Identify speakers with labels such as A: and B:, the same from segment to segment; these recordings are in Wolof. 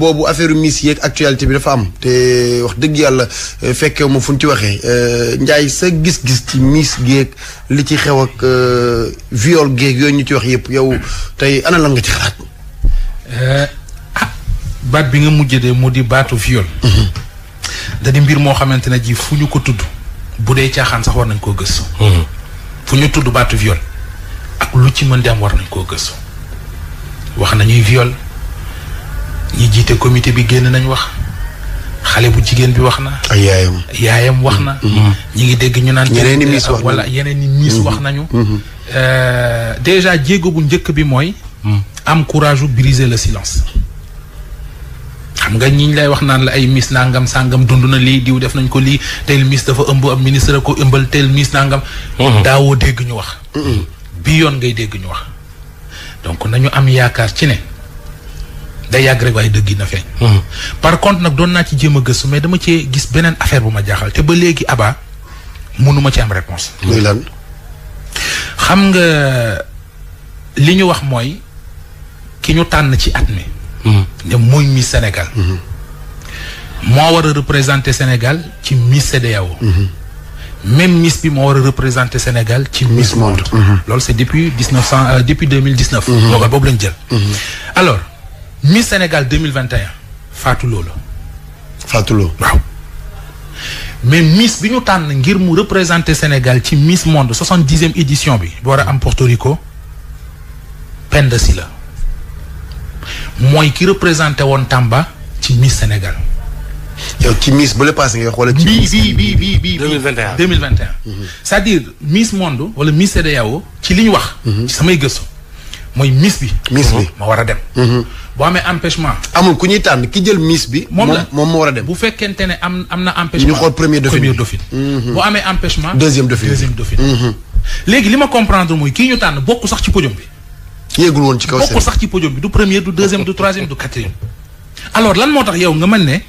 A: boobu affaire Miss yeeg actualité bi dafa am te wax dëgg yàlla euh, fekke ma fu ñu ci waxee euh, Ndiaye sa gis-gis ci Miss geeg li ci xew ak euh, viol geeg yooyu ñu ci wax yëpp yow tey ana lan nga ci xalaat. ah baat bi nga mujj de mu di baatu viol. Mhm. da mbir moo xamante ne jii fu ñu ko tudd bu dee caaxaan sax war nañ koo gëstu. Mhm. fu ñu tudd baatu viol ak lu ci mën di am war nañ koo gëstu wax nañuy viol. ñi jiite comité bi génn nañu wax xale bu jigéen bi wax na. yaayam wax na. Mm-hmm. Mm-hmm. ñi ngi dégg ñu naan. yeneen i miis wax wala yeneen i miis mm-hmm. wax nañu. Euh, déjà jéego bu njëkk bi mooy. am courage u la le silence. xam nga ñi ñu lay wax naan la ay miss nangam sangam dund na lii diw def nañ ko lii tel miss dafa ëmb ab ministre ko ëmbal tel miss nangam. daawoo dégg ñu wax. bii yoon ngay dégg ñu wax. donc nañu am yaakaar ci ne. day yàgg rek waaye dëgg na feeñ. Hmm. par contre nag doon naa ci jéem a gëstu mais dama cee gis beneen affaire bu ma jaaxal te ba léegi Aba mënuma ci am réponse muy lan. xam nga li ñu wax mooy ki ñu tànn ci at mi. ne hmm. muy Miss Sénégal. Hmm. moo war a représenter Sénégal ci Miss CEDEAO. même Miss bi moo war a représenter Sénégal ci Miss Monde. loolu c'est depuis dix neuf cent euh, depuis deux mille dix neuf. boobu lañ jël. alors. Miss Sénégal 2021 Fatou Lo la. Fatou Lo waaw. mais Miss bi ñu tànn ngir mu représenter Sénégal ci Miss Monde soixante dixième édition bi. bu war a am Porto Rico. Penda Si la. mooy ki représenté woon tàmba ci Miss Sénégal. yow ci Miss bu la paase nga xoolal ci. bii bii bii bii bii. 2021 2021. c'est-à-dire Miss Monde wala Miss CEDEAO ci li ñu wax. Mhm. ci samay gëstu. mooy miss bi. miss bi ma war a dem. Mhm. boo amee empêchement. amul ku ñuy tànn ki jël miss bi. moom la moom moo war a dem. bu fekkente ne am am na empêchement. ñu xool premier dauphine premier dauphine. Mhm. boo amee empêchement. deuxième dauphine deuxième dauphine. Mhm. li ma comprendre mooy kii ñu tànn bokk sax ci podium bi. yéegul woon ci kaw sax ci podium bi du premier du deuxième du troisième du quatrième. lan moo tax yow nga mën ne.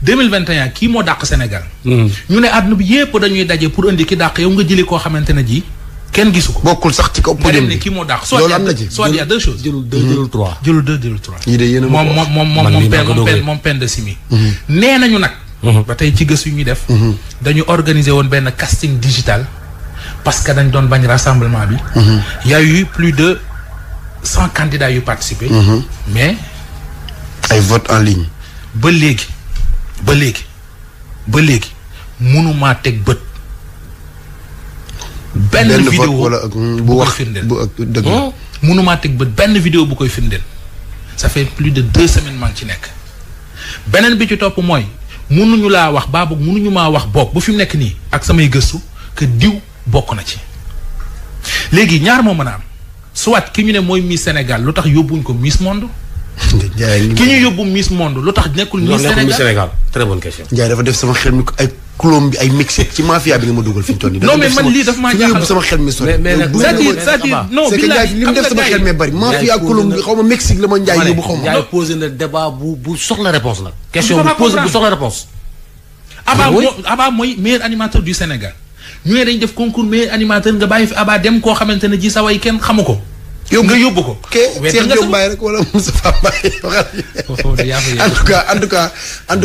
A: 2021 kii moo dàq Sénégal. ñu ne àdduna bi yépp dañuy daje pour indi ki dàq yow nga jëli koo xamante ne ji. kenn gisu ko bokkul sax ci kaw podium bi kii moo daax loolu am na ci soit il a deux choses jëlul deux jëlul trois jëlul deux jëlul trois yii de a moom moom moom moom moom peine de simi mhm. nee nañu nag mhm. ba tey ci gës yu ñuy def mhm. dañu organiser woon benn casting digital parce que dañ doon bañ rassemblement bi y a eu plus de cent candidats yu participé mais ay vote en ligne ba léegi ba léegi ba léegi mënumaa teg bët benn vidéo wala bu wax bu ak dëgg hmm? mënumaa teg ba benn vidéo bu koy firndeel ça fait plus de deux semaines maa ngi ci nekk beneen bi ci topp mooy mënuñu laa wax baa boog mënuñu maa wax boog bu fi mu nekk nii ak samay gëstu kër diw bokk na ci léegi ñaar moo mën a am soit ki ñu ne mooy Miss Sénégal lu tax yóbbuñ ko miis Monde ki ñu yóbbu Miss Monde lu tax nekkul Miss Sénégal très bonne question Ndiaye dafa def sama xel mi ko ay kulóom bi ay mixé ci mafia bi nga ma dugal fi ñu toll nii. non mais man lii daf maa jaaxal sama xel mi sori. mais mais c'est-à-dire non billahi li mu def sama xel mi bari. mafia ak kulóom bi xaw ma Mexique la ma Ndiaye yóbbu xaw ma. Ndiaye posé na débat bu bu soxla réponse nag. question bu posé bu soxla réponse. Abba ah ah mooy Abba ah mooy meilleur animateur du Sénégal ñu ne dañ def concours meilleur animateur nga bàyyi fi Abba dem koo xamante ne ji sa way kenn xamu ko. yow nga yóbbu ko. wér Cheikh Diop Mbaye rek wala Moustapha Mbaye en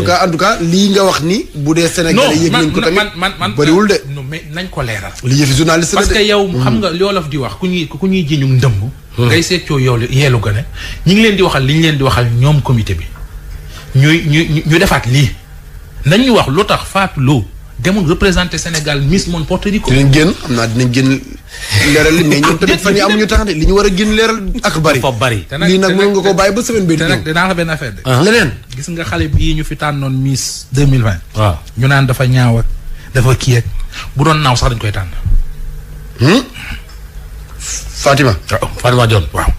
A: nga wax ni. bu dee Sénégalais yëg nañ ko tamit man man man bëriwul mais nañ ko leeral. li yëfi journaliste la de parce que yow xam hmm. nga olof di wax ku ñuy ku ñuy jiñu ndëmb. Hmm. ngay seetloo yow yeelu gone ñi ngi leen di waxal li ñu leen di waxal ñoom comité bi ñuy ñu ñu defaat lii nañ wax lu tax Fatou Lo demoon représenté Sénégal Miss Monde Porto Rico. dinañ génn am naa dinañ génn leeral li mais ñoom tamit fan yi amuñu temps de li ñu war a génn leeral ak bari. dafa bari te nag lii nag mën nga ko bàyyi ba semaine bii. te nag dinaa la benn affaire de. Ah. leneen. gis nga xale bii ñu fi tànnoon Miss 2020. waaw ñu naan dafa ñaaw ak dafa kii ak bu doon naaw sax dañ koy tànn. Hmm? Fatima. Ah, waaw Fatima Dione waaw.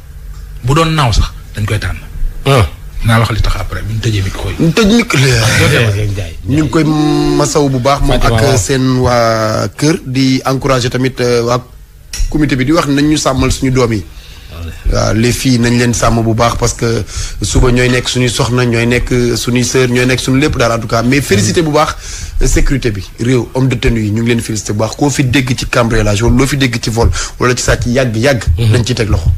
A: doon naaw sax dañ koy tànn. Ah. naa li tax après bu ñu tëjee micro yi. ñu tëj micro ah, ñu ngi koy masaw bu baax. moom ak seen waa kër. di encouragé tamit euh, waa comité bi di wax nañ ñu sàmmal suñu doom yi. waaw les filles nañ leen sàmm bu baax parce que suba ñooy nekk suñuy soxna ñooy nekk suñuy sœur ñooy nekk suñu lépp daal en tout cas mais félicité bu baax sécurité bi réew homme de tenue yi ñu ngi leen félicité bu baax koo fi dégg ci cambriolage wala loo fi dégg ci vol wala ci sàcc yàgg yàgg. dañ ci teg loxo.